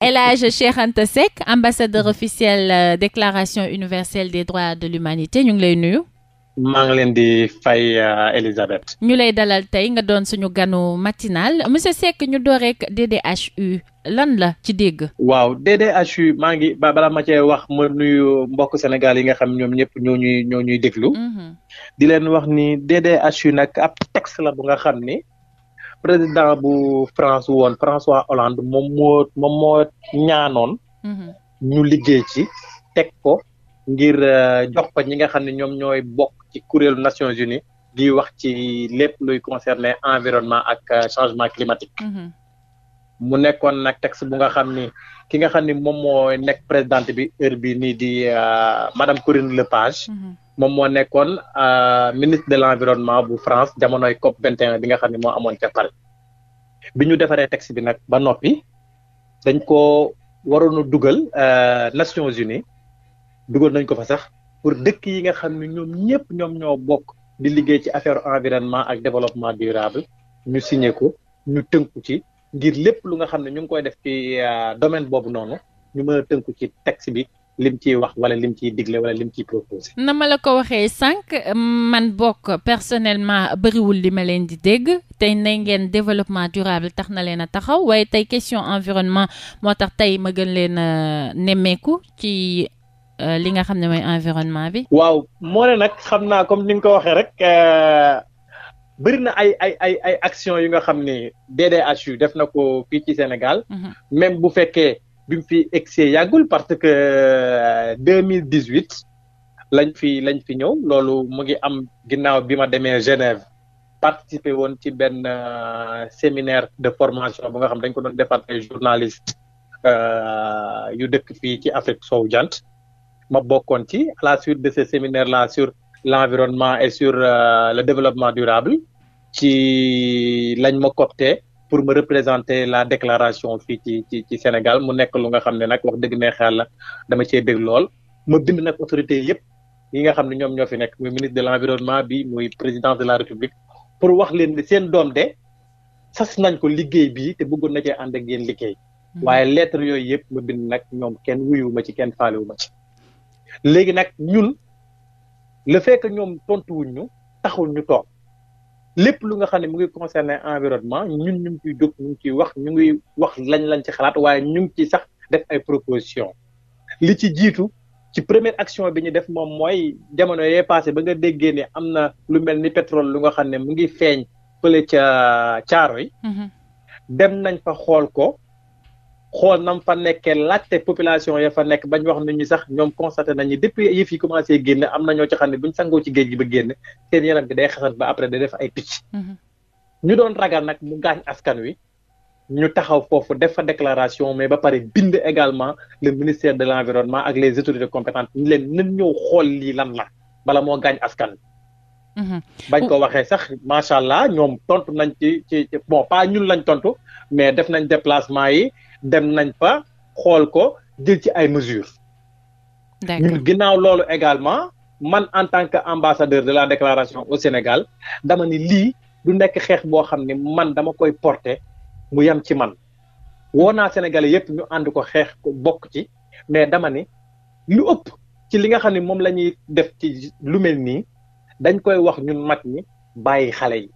El Hadj Cheikh Anta Seck ambassadeur euh, déclaration universelle des droits de l'humanité ñu ngi lay nuyu. maa ngi leen di fay euh, Elisabeth. ñu lay dalal tey nga doon suñu ganu matinal monsieur Seck ñu doo rek DDHU lan la ci dégg. waaw DDHU maa ngi balaa ma cee wax ma nuyu mbokk Sénégal yi nga xam ñoom ñëpp ñoo ñuy ñoo ñuy déglu. Mhm. di leen wax ni DDHU nag ab texte la bu nga xam ni. président bu France woon François Hollande moom moo moom moo ñaanoon. Mhm. ñu liggéey ci teg ko ngir euh, jox ko ñi nga xam ne ñoom ñooy bokk ci kuréelu Nations Unies di wax ci lépp luy concerner environnement ak euh, changement climatique. Mhm. mu nekkoon nag texte bu nga xam ni ki nga xam ni moom mooy nekk présidente bi heure bi nii di euh, madame Corinne Lepage. Mm -hmm. moom moo nekkoon euh, ministre de l' environnement bu France jamonoy COP 21 bi nga xam ne moo amoon ca Paris bi ñu defaree texte bi nag ba noppi dañ ko waroon a dugal euh, Nations Unies dugal nañ ko fa sax pour dëkk yi nga xam ne ñoom ñëpp ñoom ñoo bokk di liggéey ci affaire environnement ak développement durable ñu signé ñu tënku ci ngir lépp lu nga xam ne ñu ngi koy def ci euh, domaine boobu noonu ñu mën a tënku ci texte bi lim ciy wax wala lim ciy digle wala lim ciy proposé. na ma la ko waxee sànq man bokk personnellement bariwul li ma leen di dégg tey na ngeen développement durable tax na leen a taxaw waaye tey question environnement moo tax tey ma gën leen a nemmeeku ci. Euh, li nga xam ne mooy environnement bi. waaw moo ne nag xam naa comme ni nga ko waxee rek euh, bëri na ay ay ay ay actions yu nga xam ne DDH yu def na ko fii ci Sénégal. Mhm. même bu fekkee bim mu fi egsee yàggul parce que euh, deux mille dix huit lañ fi lañ fi ñëw loolu mu ngi am ginnaaw bi ma demee Genève participer woon ci benn euh, séminaire de formation bu nga xam dañ ko doon defar ay journaliste euh, yu dëkk fii ci Afrique sowu jant ma bokkoon ci la suite de ce séminaire là sur l'environnement et sur le développement durable ci lañ ma coopté pour me représenter la déclaration fii ci ci Sénégal mu nekk lu nga xam ne nag wax dëgg neex Yàlla dama cee bég lool ma bind nag autorité yëpp yi nga xam ne ñoom ñoo fi nekk muy ministre de l'environnement bi muy président de la République pour wax leen ne seen doom de sas nañ ko liggéey bii te bëggoon na cee ànd ak yéen liggéey hmm. waaye lettre yooyu yëpp ma bind nag ñoom kenn wuyuwuma ci kenn faalewuma ci léegi nag ñun le fekk que ñoom tontuwuñ ñu taxul ñu toog lépp lu nga xam ne mu ngi concerner environnement ñun ñu ngi ciy ñu ngi wax ñu ngi wax lañ lañ ci xalaat waaye ñu ngi ciy sax def ay proposition li ci jiitu ci première action bi ñu def moom mooy jamono yee passé ba nga déggee ne am na lu mel ni pétrole lu nga xam ne mu ngi feeñ fële ca caaro yi mhm. dem nañ fa xool ko xool nam fa nekkee laajte population ya fa nekk bañ wax nit ñi sax ñoom constaté nañu depuis yëf yi commencé génn am na ñoo ci xam ne buñ sangoo ci géej gi ba génn seen yaram bi day xasan ba après day def ay picc. Mhm. ñu doon ragal nag mu gaañ askan wi ñu taxaw foofu def fa déclaration mais ba pare bind également le ministère de l'environnement ak les autorités compétentes ñu leen xool lii lan la bala moo gaañ askan wi. Mhm. bañ ko waxee sax macha allah ñoom tontu nañ ci ci bon pas lañ tontu mais def nañ déplacement yi. dem nañ fa xool ko jël ci ay mesures. ñun ginnaaw loolu également man en tant que ambassadeur de la déclaration au Sénégal dama ni lii du nekk xeex boo xam ne man dama koy porter mu yem ci man woo naa Sénégalais yépp ñu ànd ko xeex ko bokk ci mais dama ni lu ëpp ci li nga xam ne moom la ñuy def ci lu mel nii dañ koy wax ñun mag ñi bàyyi xale yi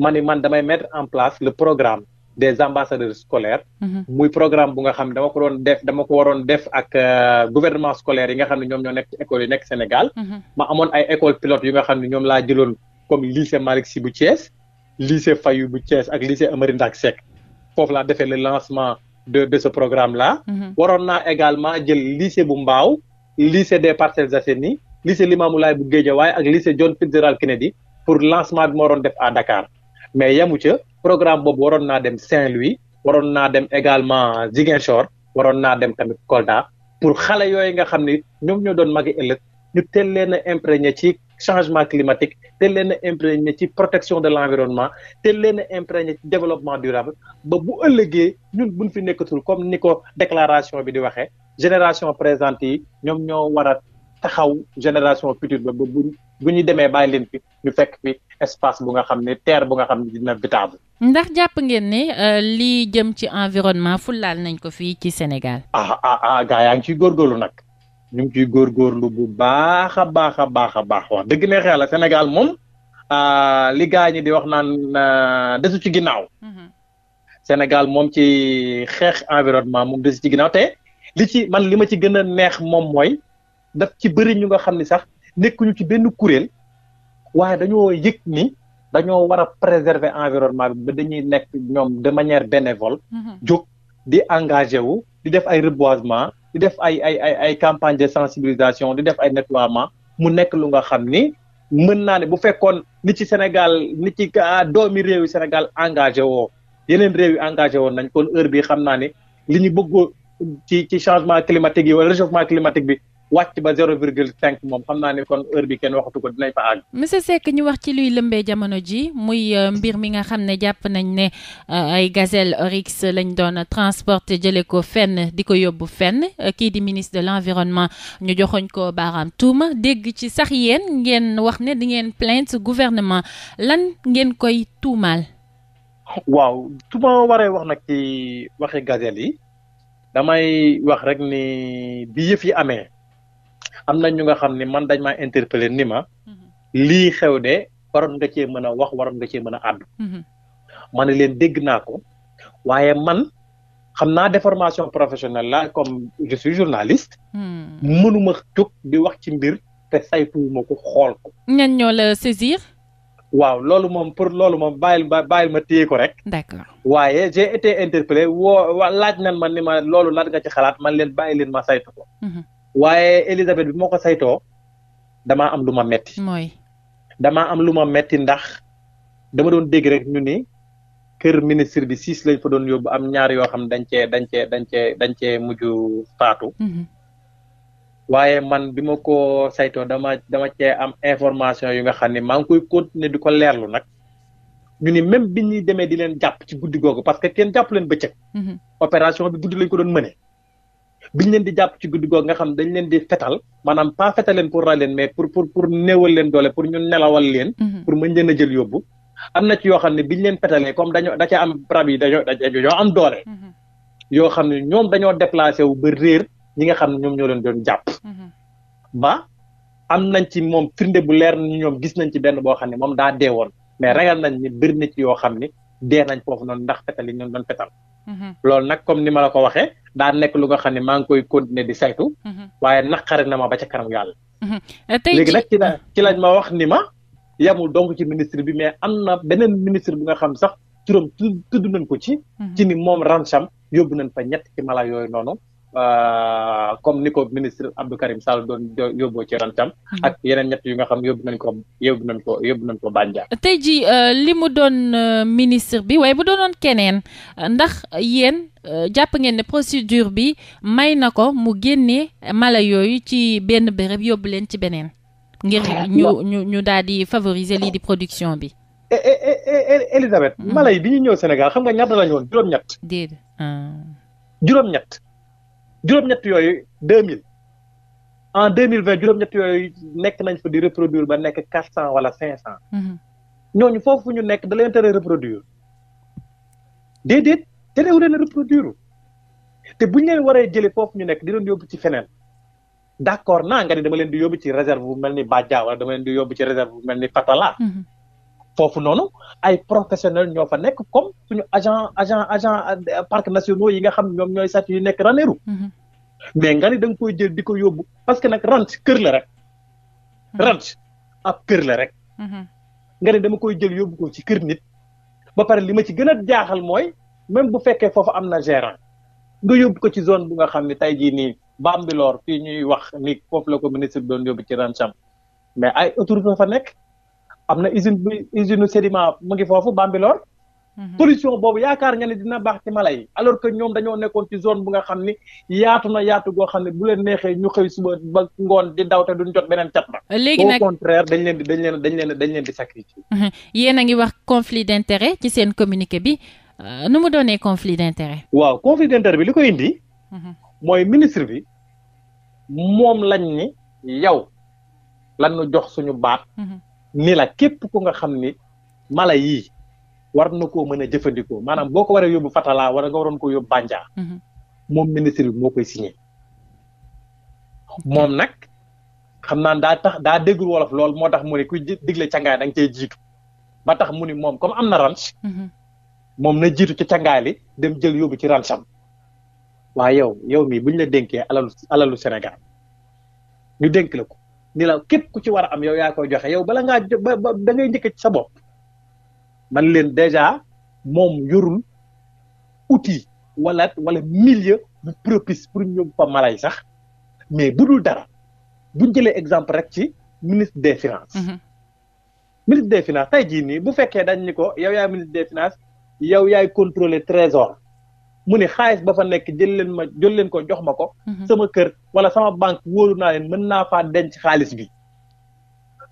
ma ni man damay mettre en place le programme des ambassadeurs scolaires. Mhm. muy programme bu nga xam dama ko doon def dama ko waroon def ak euh, gouvernement scolaire yi nga xam ne ñoom ñoo nekk ci école yi nekk Sénégal. Mhm. ma amoon ay école pilote yu nga xam ne ñoom laa jëloon comme lycée Malick Sy bu Thiès lycée Fayou bu Thiès ak lycée Amary Ndack Seck foofu laa defee le lancement de ce programme la mhm. waroon na également jël lycée bu Mbao lycée des Parcelles Assainies lycée Limamoulaye bu Guédiawaye ak lycée John Fitzgerald Kennedy pour lancement bi ma def à Dakar. mais yamu ca programme boobu waroon naa dem Saint-Louis waroon naa dem également Ziguinchor waroon naa dem tamit Kolda pour xale yooyu nga xam ni ñoom ñoo doon magi ëllëg ñu teel leen a imprégné ci changement climatique teel leen a imprégné ci protection de l'environnement teel leen a imprégné ci développement durable ba bu ëllëgee ñun buñ fi nekkatul comme ni ko déclaration bi di waxee génération présente yi ñoom ñoo war taxaw génération future ba ba bu bu ñu demee bàyyi leen fi ñu fekk fi espace bu nga xam ne terre bu nga xam ne dina vitable. ndax jàpp ngeen ne euh, li jëm ci environnement laal nañ ko fii ci Sénégal. ah ah, ah yaa ngi ciy góorgóorlu nag ñu ngi ciy góorgóorlu bu baax a baax a baax a baax wax dëgg ne xel Sénégal moom ah, li gaa ñi di wax naan ah, desu ci ginnaaw. Mhm. Sénégal moom ci xeex environnement moom desu ci ginnaaw te li ci man li ma ci gën a neex moom mooy. daf ci bëri ñu nga xam ni sax nekkuñu ci benn kuréel waaye dañoo yëg ni dañoo war a préserver environnement bi nekk ñoom de manière bénévole mhm. jóg di engagé wu di def ay reboisement di def ay ay ay ay campagne de sensibilisation di def ay nettoiement mu nekk lu nga xam ni mën naa ne bu fekkoon ni ci Sénégal ni ci doomi réew yi Sénégal engagé woo yeneen réew yi engagé woon nañ kon heure bi xam naa ne li ñu bëgg ci ci changement climatique yi wala réchauffement climatique bi wàcc ba zéro virgule cinq moom xam naa ne kon heure bi kenn waxatu ko dinañ fa àgg. monsieur Seck ñu wax ci luy lëmbee jamono ji muy euh, mbir mi nga xam ne jàpp nañ ne euh, ay gazelle oryx lañ doon transporte jëlee ko fenn di ko yóbbu fenn kii di ministre de l'environnement ñu joxoñ ko baaraam tuuma dégg ci sax yéen ngeen wax ne di ngeen plainte gouvernement lan ngeen koy tuumaal. waaw su ma waree wax nag ci waxi gazelle yi damay wax rek ni bi yëf yi amee. am na ñu nga xam ni man dañ ma interpellé ni ma mhm. lii xew de waroon nga cee mën a wax waroon nga ce mën a àddu mhm. ma ne leen dégg naa ko waaye man xam naa déformation professionnelle la comme je suis journaliste hmm. mënuma jóg di wax ci mbiir te saytuwuma ko xool ko ñan ñoo saisir waaw loolu moom pour loolu moom bàyyil ma bàyyil ma téye ko rek. d'accord waaye j'ai été interpellé woo laaj nan ma ni ma loolu lan nga ci xalaat man leen bàyyi leen ma saytu ko. Mhm. waaye Elisabeth bi moo ko saytoo damaa am lu ma metti mooy dama am lu ma metti ndax dama doon dégg rek ni kër ministre bi siis lañ fa doon yóbbu am ñaar yoo xam dañ cee dañ cee dañ cee dañ cee mujj faatu. Mm-hmm. man bi ma ko saytoo dama dama cee am information yu nga xam ne maa ngi koy continuer di ko leerlu nag ñu ni même bi ñuy demee di leen jàpp ci guddi googu parce que kenn jàpp leen bëccëg. Mm-hmm. opération bi guddi lañ ko doon mëne biñ leen di jàpp ci guddi googu nga xam dañ leen di fetal maanaam pas fetal leen pour ray mais pour pour pour leen doole pour ñu nelawal leen. Mm-hmm. pour mën leen a jël leen petalee comme dañoo da ca am rab mm-hmm. wu ba réer ñi nga xam ne ñoom ñoo leen doon jàpp. Mm-hmm. ba am nañ ci moom firnde bu leer ni ñoom gis nañ ci benn boo xam ne moom daa dee woon mais ragal nañ ni bëri na ci yoo xam ne dee nañ foofu noonu ndax fetal yi ñoom doon fetal. loolu nag comme ni ma la ko waxee. daa nekk lu nga xam ne maa ngi koy continuer di saytu. Mhm. waaye naqare na ma ba ca kanam yàlla. Mhm. Euh, tey léegi nag ci la ci ma wax ni ma yamul donc ci ministre bi mais am na beneen ministre bu nga xam sax turam tudd nañ ko ci. Mhm. ci ni moom rancham yóbbu nañ fa ñett ci mala yooyu noonu. Euh, comme ni ko ministre Abdou Karim Sall doon yóbboo ci rantam mhm. ak yeneen ñett yu nga xam yóbbu nañ ko yóbbu nañ ko yóbbu nañ ko Bandia. tey jii euh, li mu doon euh, ministre bi waaye bu doonoon keneen ndax yéen jàpp ngeen ne procédure bi may na ko mu génnee mala yooyu ci benn béréb yóbbu leen ci beneen. ngir ñu ñu ñu daal di favoriser lii di production bi. Eh, eh, eh, Elisabeth. Mhm. mala yi bi ñu ñëw Sénégal xam nga ñaata la ñu woon ñett déedéet. Ah. juróom-ñett. juróom-ñett yooyu deux mille en deux mille vingt juróom-ñett yooyu nekk nañ fa di reproduire ba nekk quatre cent wala cinq cent. Mhm. ñooñu foofu ñu nekk da leen tere reproduire déedéet terewu leen reproduire te bu ñu leen waree jëlee foofu ñu nekk di leen yóbbu ci feneen d' accord naa nga ni dama leen di yóbbu ci réserve bu mel ni Badja wala dama leen di yóbbu ci réserve bu mel ni Fatala. Mhm. foofu noonu ay professionnel ñoo fa nekk comme suñu agent agent agent euh, parcs nationaux yi nga xam ñoom ñooy sàcc yu nekk Ranérou mhm. mais nga ni da nga jël di ko yóbbu parce que nag rente kër la rek mhm. rente ab kër la rek mhm. nga ni dama koy jël yóbbu ko ci kër nit ba pare li ma ci gën a jaaxal mooy même bu fekkee foofu am na gérant nga yóbbu ko ci zone bu nga xam ne tey jii nii Bambilor fii ñuy wax ni foofu la ko ministre bi doon yóbbu ci Rancham mais ay autorité fa nekk am na usine bu usine sédiment mu ngi foofu Bambilor mhm. pollution boobu yaakaar nga ne dina baax ci mala yi alors que ñoom dañoo nekkoon ci zone bu nga xam ni yaatu na yaatu goo xam ne bu leen neexee ñu xëy suba ba ngoon di daw te duñ jot beneen cat ba léegi nag au contraire dañ leen di dañ leen dañ leen dañ leen di sacrifier mhm. yéen a ngi wax conflit d'intérêt ci seen communiqué bi euh, nu mu doonee conflit d'intérêt waaw conflit d'intérêt bi li koy indi mhm. mooy ministre bi moom lañ ni yow lan nu jox suñu baat ni la képp ku nga xam ni mala yii war na koo mën a jëfandikoo maanaam boo ko waree yóbbu Fatala wala nga waroon ko yóbbu Bandia. Mm-hmm. moom ministre bi moo koy signé. moom nag xam naa daa tax daa déggul wolof lool moo tax mu ne kuy digle cangaay da nga cey jiitu ba tax mu ni moom comme am na ranch. Mm-hmm. moom na jiitu ci cangaay li dem jël yóbbu ci rancham. waaye yow yow mii buñ la dénkee alalu alalu Sénégal ñu dénk la ko ni la képp ku ci war a am yow yaa koy joxe yow bala ngaa da ngay njëkk ci sa bopp man leen déjà moom yorul outil wala wala milieu bu propice pour ñu fa malay sax mais bu dul dara buñ jëlee exemple rek ci ministre des finances mm-hmm. ministre des finances tey jii nii bu fekkee dañ ni ko yow yaay ministre des finances yow yaay contrôler trésor mu ne xaalis ba fa nekk jël leen ma jël leen ko jox ma ko. Mhm. sama kër wala sama banque wóolu naa leen mën naa faa denc xaalis bi.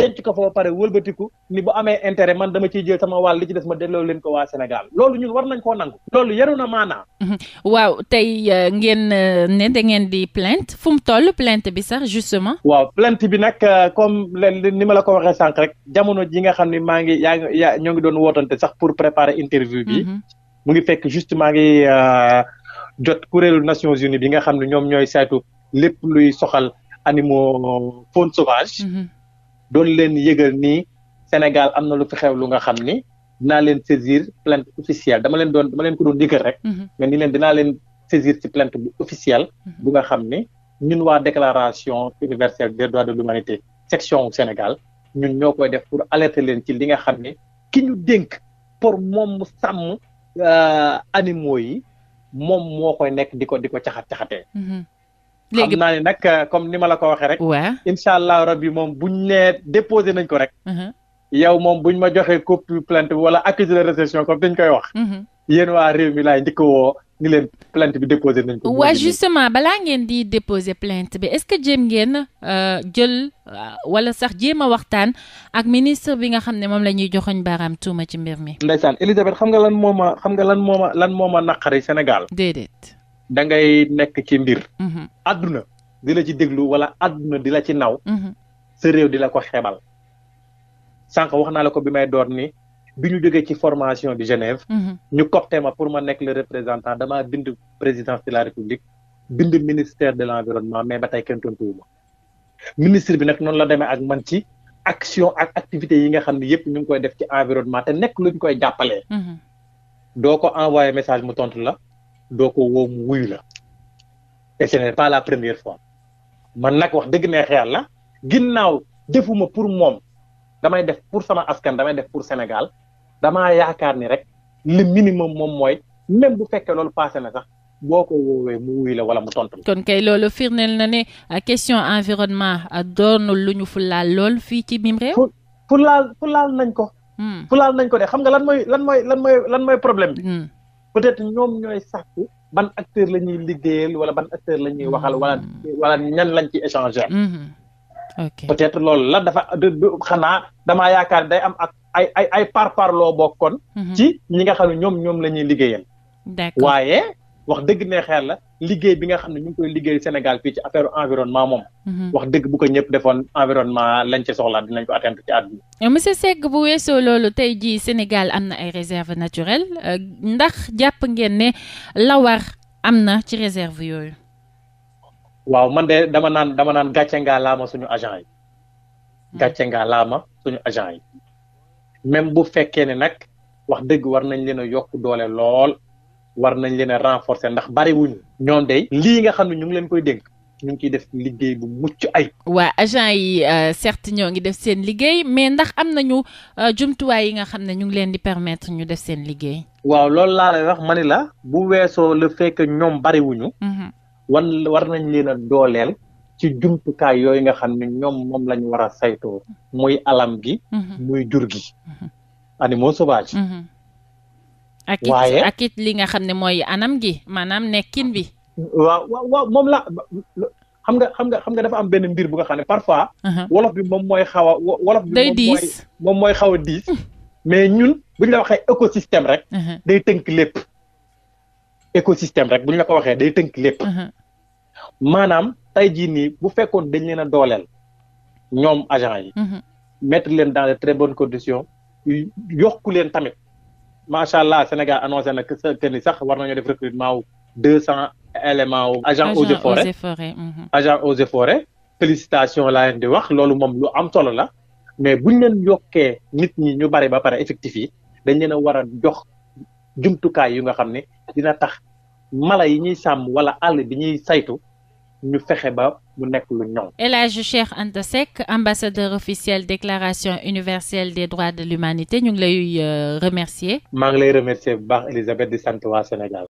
denc ko foo pare wëlbatiku ni bu amee intérêt man dama ciy jël sama wàll li ci des ma delloo leen ko waa Sénégal loolu ñun war nañ koo nangu. loolu yaru na maanaa. Mhm. waaw tey euh, ngeen euh, ne da ngeen di plainte fu mu toll plainte bi sax justement. waaw plainte bi nag euh, comme leen ni ma la ko waxee sànq rek jamono ji nga xam ne maa ngi yaa ngi ñoo ngi doon wootante sax pour préparer interview bi. Mhm. mu ngi fekk juste maa ngi euh, jot kuréelu Nations Unies bi nga xam ne ñoom ñooy saytu lépp luy soxal animaux faune sauvage. Mm-hmm. doon leen yëgal ni Sénégal am na lu fi lu nga xam ni dinaa leen saisir plainte officielle dama leen doon dama leen ko doon digal rek. Mm-hmm. mais ni leen dinaa leen saisir ci plainte bu officielle. Mm-hmm. bu nga xam ni ñun wa déclaration universelle des droits de l'humanité section Sénégal ñun ñoo koy def pour alerter leen ci li nga xam ne ki ñu dénk pour moom mu sàmm. Euh, animaux yi moom moo koy nekk di ko di ko caxat caxatee. Mhm. léegi xam naa ne nag euh, comme ni ma la ko waxee rek. waaw incha allah rabbi moom buñ nee déposé nañ ko rek. Mhm. yow moom buñ ma joxee copie plainte wala accusé de réception comme dañ koy wax. Mhm. yéen waa réew mi laay njëkk woo ni leen plainte bi déposé nañ ko. waa justement balaa ngeen di déposer plainte bi est-ce que jéem ngeen euh, jël euh, wala sax jéem waxtaan ak ministre bi nga xam ne moom la ñuy joxoñ baaraam tuuma ci mbir mi. ndeysaan Elisabeth xam nga lan moo ma xam nga lan moo a lan moo ma naqari Sénégal. déedéet. da ngay nekk ci mbir. Mhm. àdduna di la ci déglu wala àdduna di la ci naw. Mhm. sa réew di la ko xebal sànq wax naa la ko bi may door ni bi ñu jógee ci formation bi Genève. Mhm. ñu coopté ma pour ma nekk le représentant damaa bind présidence de la République bind ministère de l'environnement mais ba tey kenn tontuwuma ministre bi nag noonu la demee ak man ci action ak activité yi nga xam ne yëpp ñu ngi koy def ci environnement te nekk ñu koy jàppalee. Mhm. doo ko envoyé message mu tontu la doo ko woo mu wuyu la et ce la première fois man nag wax dëgg neex yàlla ginnaaw defuma pour moom damay def pour sama askan damay def pour Sénégal damaa yaakaar ni rek le minimum moom mooy même bu fekkee loolu passé na sax boo ko woowee mu wuy la wala mu tontu la. kon kay loolu firndeel na ne euh, question environnement euh, doonul lu ñu fulaal lool fii ci biir réew. fulaal fulaal nañ ko. Hmm. fulaal nañ ko de xam nga lan mooy problème bi. Hmm. peut-être ñoom ñooy sàkku ban acteur la ñuy liggéeyal wala ban acteur la ñuy waxal wala hmm. wala ñan lañ ci échanger. ok peut-être loolu la dafa xanaa damaa yaakaar day am ak. ay ay ay parparloo kon mhm. ci ñi nga xam ne ñoom ñoom la ñuy liggéeyal. d'accord waaye wax dëgg ne xeer la liggéey bi nga xam ne ñu ngi koy liggéey Sénégal fii ci affaire environnement moom. Mhm. wax dëgg bu ko ñëpp defoon environnement lañ ci soxla dinañ ko atteindre ci àdduna. Eh, monsieur Seck bu weesoo loolu tey jii Sénégal am na ay réserve naturelle euh, ndax jàpp ngeen ne la war am na ci réserve yooyu. waaw man de dama naan dama naan gàcce ngaa laama suñu agent yi. Hmm. gàcce ngaa laama suñu agent yi. même bu fekkee ne nag wax dëgg war nañ leen a yokk doole lool war nañ leen a renforcer ndax bariwuñu ñoom day lii nga xam ne ñu ngi leen koy dénk ñu ngi ciy def liggéey bu mucc ay waa agent yi euh, certes ñoo ngi def seen liggéey mais ndax am nañu euh, jumtuwaay yi nga xam ne ñu ngi leen di permettre ñu def seen liggéey. waaw loolu laa lay ma ni la bu weesoo le fait ñoom bariwuñu. Mhm. wan war nañ leen a dooleel. ci jumtukaay yooyu nga xam ne ñoom moom lañ war a muy alam gi mhm. muy jur gi mhm. animaux sauvages mhm. ak it waaye ak it li nga xam ne mooy anam gi maanaam nekkin bi waaw waaw waaw moom la xam nga xam nga xam nga dafa am benn mbir bu nga xam ne parfois wolof bi moom mooy xaw a wolof bi moom mooy xaw a diis mais ñun bu ñu la waxee écosystème rek day tënk lépp écosystème rek bu ñu la ko waxee day tënk lépp maanaam tey jii nii bu fekkoon dañ leen a dooleel ñoom agent yi. Mhm. mettre leen dans de très bonnes conditions yokku leen tamit macha allah Sénégal annoncé na que sax war nañoo def recrutement wu deux cent éléments wu. agent eaux et forêt agent eaux et forêt mhm. félicitation laa di wax loolu moom lu am solo la mais buñ leen yokkee nit ñi ñu bari ba pare effectif yi dañ leen a war a jox jumtukaay yu nga xam ne dina tax mala yi ñuy sàmm wala àll bi ñuy saytu. ñu fexe ba mu nekk lu ñoŋ. El Hadj Cheikh Anta Seck ambassadeur officiel déclaration universelle des droits de l'humanité ñu ngi lay euh, remercier. maa ngi lay remercier bu baax Elisabeth di sant waa Sénégal.